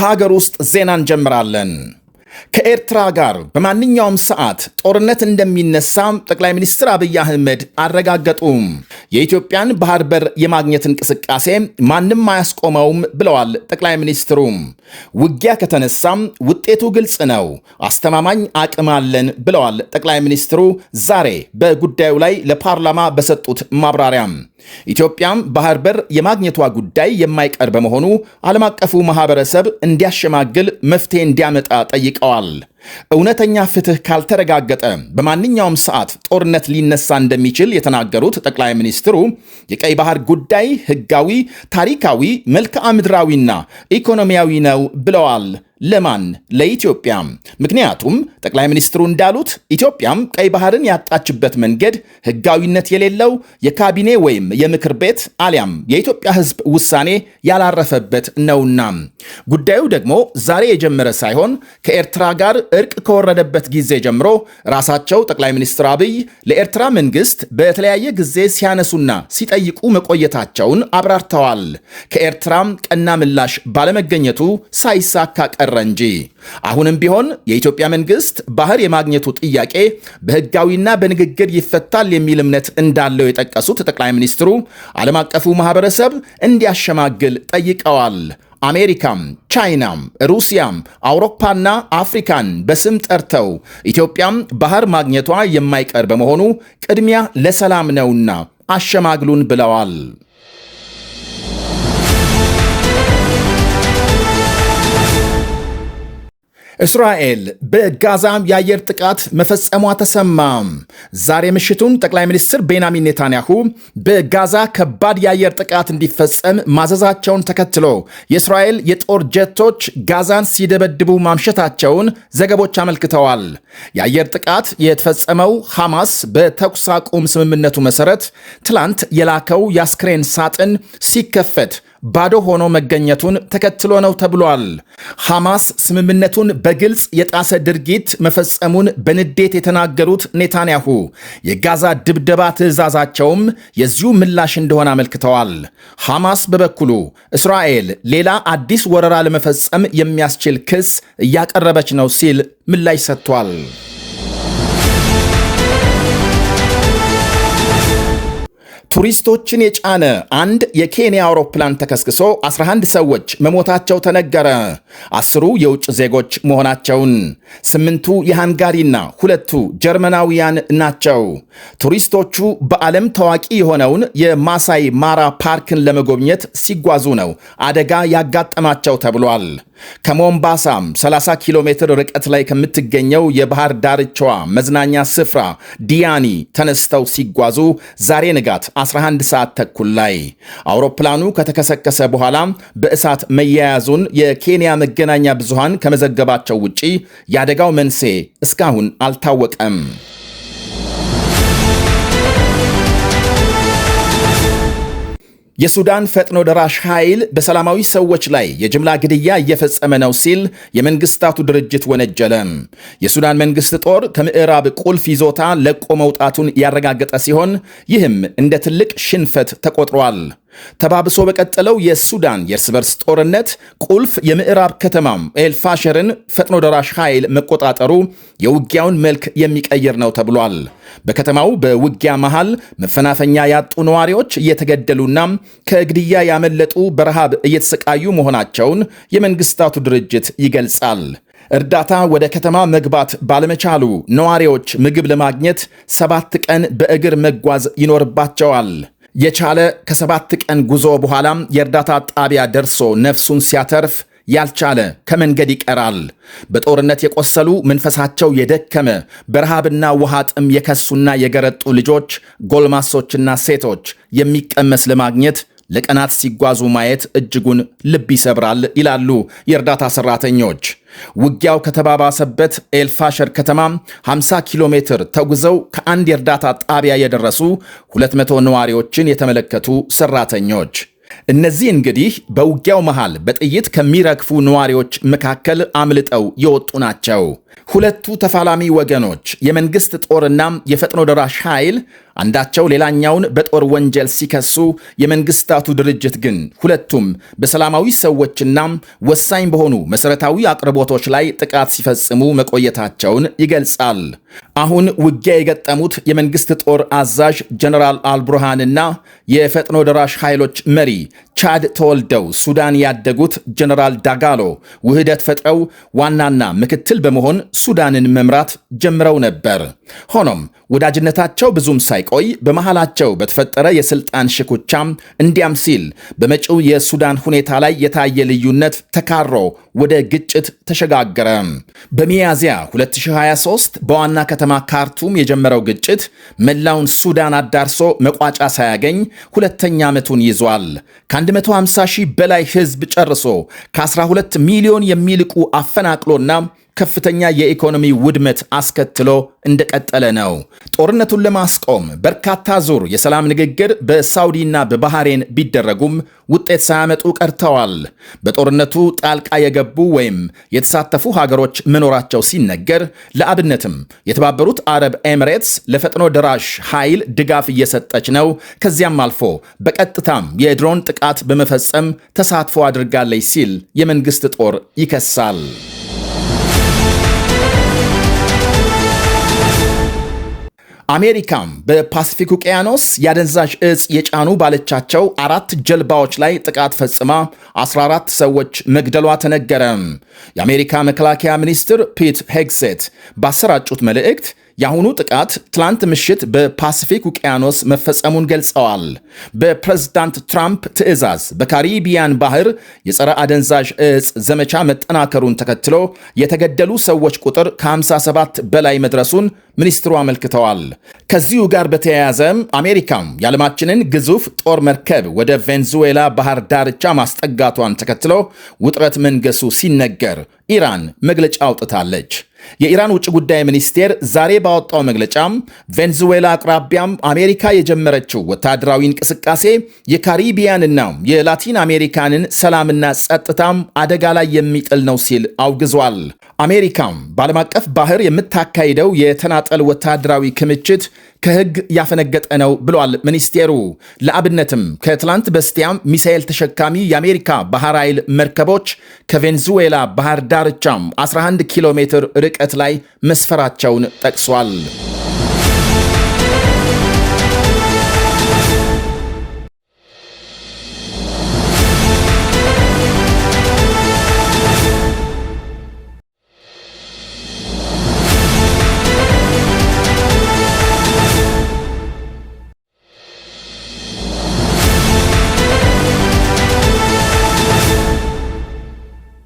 በሀገር ውስጥ ዜና እንጀምራለን። ከኤርትራ ጋር በማንኛውም ሰዓት ጦርነት እንደሚነሳ ጠቅላይ ሚኒስትር አብይ አህመድ አረጋገጡ። የኢትዮጵያን ባህር በር የማግኘት እንቅስቃሴ ማንም አያስቆመውም ብለዋል ጠቅላይ ሚኒስትሩ። ውጊያ ከተነሳም ውጤቱ ግልጽ ነው፣ አስተማማኝ አቅም አለን ብለዋል ጠቅላይ ሚኒስትሩ ዛሬ በጉዳዩ ላይ ለፓርላማ በሰጡት ማብራሪያ። ኢትዮጵያም ባህር በር የማግኘቷ ጉዳይ የማይቀር በመሆኑ ዓለም አቀፉ ማህበረሰብ እንዲያሸማግል መፍትሄ እንዲያመጣ ጠይቀዋል። all እውነተኛ ፍትህ ካልተረጋገጠ በማንኛውም ሰዓት ጦርነት ሊነሳ እንደሚችል የተናገሩት ጠቅላይ ሚኒስትሩ የቀይ ባህር ጉዳይ ህጋዊ፣ ታሪካዊ፣ መልክዓ ምድራዊና ኢኮኖሚያዊ ነው ብለዋል። ለማን? ለኢትዮጵያ። ምክንያቱም ጠቅላይ ሚኒስትሩ እንዳሉት ኢትዮጵያም ቀይ ባህርን ያጣችበት መንገድ ህጋዊነት የሌለው የካቢኔ ወይም የምክር ቤት አሊያም የኢትዮጵያ ህዝብ ውሳኔ ያላረፈበት ነውና ጉዳዩ ደግሞ ዛሬ የጀመረ ሳይሆን ከኤርትራ ጋር እርቅ ከወረደበት ጊዜ ጀምሮ ራሳቸው ጠቅላይ ሚኒስትር አብይ ለኤርትራ መንግስት በተለያየ ጊዜ ሲያነሱና ሲጠይቁ መቆየታቸውን አብራርተዋል። ከኤርትራም ቀና ምላሽ ባለመገኘቱ ሳይሳካ ቀረ እንጂ አሁንም ቢሆን የኢትዮጵያ መንግስት ባህር የማግኘቱ ጥያቄ በህጋዊና በንግግር ይፈታል የሚል እምነት እንዳለው የጠቀሱት ጠቅላይ ሚኒስትሩ ዓለም አቀፉ ማህበረሰብ እንዲያሸማግል ጠይቀዋል። አሜሪካም፣ ቻይናም፣ ሩሲያም አውሮፓና አፍሪካን በስም ጠርተው ኢትዮጵያም ባህር ማግኘቷ የማይቀር በመሆኑ ቅድሚያ ለሰላም ነውና አሸማግሉን ብለዋል። እስራኤል በጋዛ የአየር ጥቃት መፈጸሟ ተሰማ። ዛሬ ምሽቱን ጠቅላይ ሚኒስትር ቤንያሚን ኔታንያሁ በጋዛ ከባድ የአየር ጥቃት እንዲፈጸም ማዘዛቸውን ተከትሎ የእስራኤል የጦር ጀቶች ጋዛን ሲደበድቡ ማምሸታቸውን ዘገቦች አመልክተዋል። የአየር ጥቃት የተፈጸመው ሐማስ በተኩስ አቁም ስምምነቱ መሠረት ትላንት የላከው የአስክሬን ሳጥን ሲከፈት ባዶ ሆኖ መገኘቱን ተከትሎ ነው ተብሏል። ሐማስ ስምምነቱን በግልጽ የጣሰ ድርጊት መፈጸሙን በንዴት የተናገሩት ኔታንያሁ የጋዛ ድብደባ ትዕዛዛቸውም የዚሁ ምላሽ እንደሆነ አመልክተዋል። ሐማስ በበኩሉ እስራኤል ሌላ አዲስ ወረራ ለመፈጸም የሚያስችል ክስ እያቀረበች ነው ሲል ምላሽ ሰጥቷል። ቱሪስቶችን የጫነ አንድ የኬንያ አውሮፕላን ተከስክሶ 11 ሰዎች መሞታቸው ተነገረ። አስሩ የውጭ ዜጎች መሆናቸውን፣ ስምንቱ የሃንጋሪና ሁለቱ ጀርመናውያን ናቸው። ቱሪስቶቹ በዓለም ታዋቂ የሆነውን የማሳይ ማራ ፓርክን ለመጎብኘት ሲጓዙ ነው አደጋ ያጋጠማቸው ተብሏል። ከሞምባሳም 30 ኪሎ ሜትር ርቀት ላይ ከምትገኘው የባህር ዳርቻዋ መዝናኛ ስፍራ ዲያኒ ተነስተው ሲጓዙ ዛሬ ንጋት 11 ሰዓት ተኩል ላይ አውሮፕላኑ ከተከሰከሰ በኋላ በእሳት መያያዙን የኬንያ መገናኛ ብዙሃን ከመዘገባቸው ውጪ የአደጋው መንስኤ እስካሁን አልታወቀም። የሱዳን ፈጥኖ ደራሽ ኃይል በሰላማዊ ሰዎች ላይ የጅምላ ግድያ እየፈጸመ ነው ሲል የመንግስታቱ ድርጅት ወነጀለ። የሱዳን መንግስት ጦር ከምዕራብ ቁልፍ ይዞታ ለቆ መውጣቱን ያረጋገጠ ሲሆን ይህም እንደ ትልቅ ሽንፈት ተቆጥሯል። ተባብሶ በቀጠለው የሱዳን የእርስ በርስ ጦርነት ቁልፍ የምዕራብ ከተማም ኤልፋሸርን ፈጥኖ ደራሽ ኃይል መቆጣጠሩ የውጊያውን መልክ የሚቀይር ነው ተብሏል። በከተማው በውጊያ መሃል መፈናፈኛ ያጡ ነዋሪዎች እየተገደሉና ከግድያ ያመለጡ በረሃብ እየተሰቃዩ መሆናቸውን የመንግስታቱ ድርጅት ይገልጻል። እርዳታ ወደ ከተማ መግባት ባለመቻሉ ነዋሪዎች ምግብ ለማግኘት ሰባት ቀን በእግር መጓዝ ይኖርባቸዋል። የቻለ ከሰባት ቀን ጉዞ በኋላም የእርዳታ ጣቢያ ደርሶ ነፍሱን ሲያተርፍ ያልቻለ ከመንገድ ይቀራል። በጦርነት የቆሰሉ መንፈሳቸው የደከመ በረሃብና ውሃ ጥም የከሱና የገረጡ ልጆች፣ ጎልማሶችና ሴቶች የሚቀመስ ለማግኘት ለቀናት ሲጓዙ ማየት እጅጉን ልብ ይሰብራል ይላሉ የእርዳታ ሰራተኞች። ውጊያው ከተባባሰበት ኤልፋሸር ከተማ 50 ኪሎ ሜትር ተጉዘው ከአንድ የእርዳታ ጣቢያ የደረሱ 200 ነዋሪዎችን የተመለከቱ ሰራተኞች። እነዚህ እንግዲህ በውጊያው መሃል በጥይት ከሚረግፉ ነዋሪዎች መካከል አምልጠው የወጡ ናቸው። ሁለቱ ተፋላሚ ወገኖች የመንግሥት ጦርና የፈጥኖ ደራሽ ኃይል አንዳቸው ሌላኛውን በጦር ወንጀል ሲከሱ የመንግስታቱ ድርጅት ግን ሁለቱም በሰላማዊ ሰዎችና ወሳኝ በሆኑ መሠረታዊ አቅርቦቶች ላይ ጥቃት ሲፈጽሙ መቆየታቸውን ይገልጻል። አሁን ውጊያ የገጠሙት የመንግስት ጦር አዛዥ ጀነራል አልቡርሃንና የፈጥኖ ደራሽ ኃይሎች መሪ ቻድ ተወልደው ሱዳን ያደጉት ጀነራል ዳጋሎ ውህደት ፈጥረው ዋናና ምክትል በመሆን ሱዳንን መምራት ጀምረው ነበር። ሆኖም ወዳጅነታቸው ብዙም ሳይቆይ በመሃላቸው በተፈጠረ የስልጣን ሽኩቻም እንዲያም ሲል በመጪው የሱዳን ሁኔታ ላይ የታየ ልዩነት ተካሮ ወደ ግጭት ተሸጋገረ። በሚያዝያ 2023 በዋና ከተማ ካርቱም የጀመረው ግጭት መላውን ሱዳን አዳርሶ መቋጫ ሳያገኝ ሁለተኛ ዓመቱን ይዟል። ከ150 ሺህ በላይ ሕዝብ ጨርሶ ከ12 ሚሊዮን የሚልቁ አፈናቅሎና ከፍተኛ የኢኮኖሚ ውድመት አስከትሎ እንደቀጠለ ነው። ጦርነቱን ለማስቆም በርካታ ዙር የሰላም ንግግር በሳውዲና በባህሬን ቢደረጉም ውጤት ሳያመጡ ቀርተዋል። በጦርነቱ ጣልቃ የገቡ ወይም የተሳተፉ ሀገሮች መኖራቸው ሲነገር፣ ለአብነትም የተባበሩት አረብ ኤሚሬትስ ለፈጥኖ ደራሽ ኃይል ድጋፍ እየሰጠች ነው፣ ከዚያም አልፎ በቀጥታም የድሮን ጥቃት በመፈጸም ተሳትፎ አድርጋለች ሲል የመንግስት ጦር ይከሳል። አሜሪካም በፓሲፊክ ውቅያኖስ የአደንዛዥ እጽ የጫኑ ባለቻቸው አራት ጀልባዎች ላይ ጥቃት ፈጽማ 14 ሰዎች መግደሏ ተነገረ። የአሜሪካ መከላከያ ሚኒስትር ፒት ሄግሴት ባሰራጩት መልእክት የአሁኑ ጥቃት ትላንት ምሽት በፓሲፊክ ውቅያኖስ መፈጸሙን ገልጸዋል። በፕሬዝዳንት ትራምፕ ትዕዛዝ በካሪቢያን ባህር የጸረ አደንዛዥ እጽ ዘመቻ መጠናከሩን ተከትሎ የተገደሉ ሰዎች ቁጥር ከ57 በላይ መድረሱን ሚኒስትሩ አመልክተዋል። ከዚሁ ጋር በተያያዘም አሜሪካም የዓለማችንን ግዙፍ ጦር መርከብ ወደ ቬንዙዌላ ባህር ዳርቻ ማስጠጋቷን ተከትሎ ውጥረት መንገሱ ሲነገር ኢራን መግለጫ አውጥታለች። የኢራን ውጭ ጉዳይ ሚኒስቴር ዛሬ ባወጣው መግለጫም ቬንዙዌላ አቅራቢያም አሜሪካ የጀመረችው ወታደራዊ እንቅስቃሴ የካሪቢያንና የላቲን አሜሪካንን ሰላምና ጸጥታም አደጋ ላይ የሚጥል ነው ሲል አውግዟል። አሜሪካም በዓለም አቀፍ ባህር የምታካሂደው የተናጠል ወታደራዊ ክምችት ከህግ ያፈነገጠ ነው ብሏል ሚኒስቴሩ። ለአብነትም ከትላንት በስቲያም ሚሳኤል ተሸካሚ የአሜሪካ ባህር ኃይል መርከቦች ከቬንዙዌላ ባህር ዳርቻም 11 ኪሎ ሜትር ርቀት ላይ መስፈራቸውን ጠቅሷል።